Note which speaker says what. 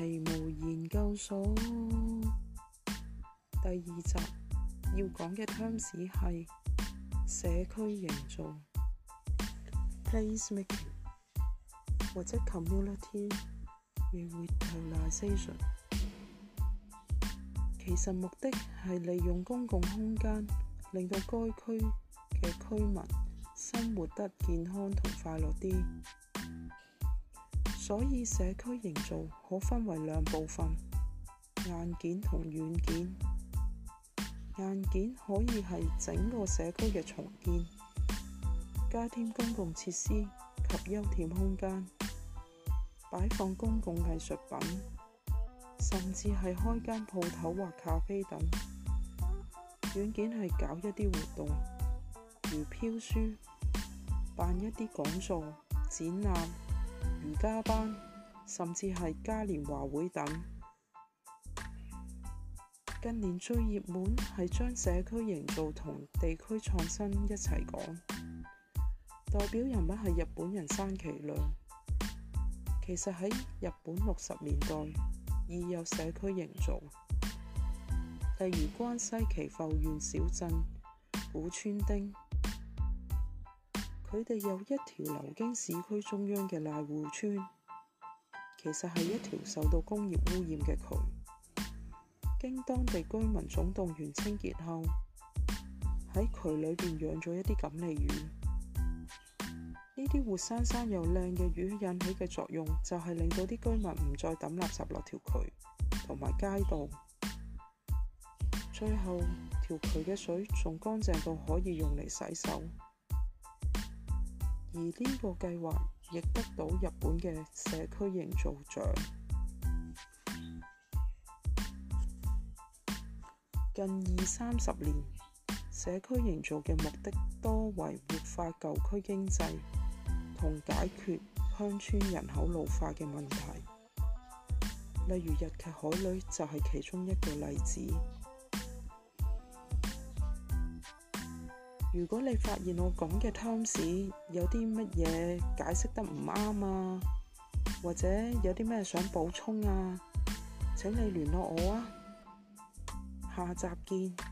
Speaker 1: 奇模研究所第二集要講嘅 terms 係社區營造 （place making） 或者 community revitalization，其實目的係利用公共空間，令到該區嘅居民生活得健康同快樂啲。所以社區營造可分為兩部分：硬件同軟件。硬件可以係整個社區嘅重建，加添公共設施及休憩空間，擺放公共藝術品，甚至係開間鋪頭或咖啡等。軟件係搞一啲活動，如漂書、辦一啲講座、展覽。瑜伽班，甚至係嘉年華會等。近年最熱門係將社區營造同地區創新一齊講。代表人物係日本人山崎亮。其實喺日本六十年代已有社區營造，例如關西岐阜縣小鎮古川町。佢哋有一條流經市區中央嘅瀨戶川，其實係一條受到工業污染嘅渠。經當地居民總動員清潔後，喺渠裏邊養咗一啲錦鯉魚。呢啲活生生又靚嘅魚引起嘅作用，就係令到啲居民唔再抌垃圾落條渠同埋街道。最後，條渠嘅水仲乾淨到可以用嚟洗手。而呢個計劃亦得到日本嘅社區營造獎。近二三十年，社區營造嘅目的多為活化舊區經濟同解決鄉村人口老化嘅問題。例如日劇《海女》就係其中一個例子。如果你發現我咁嘅 terms 有啲乜嘢解釋得唔啱啊，或者有啲咩想補充啊，請你聯絡我啊，下集見。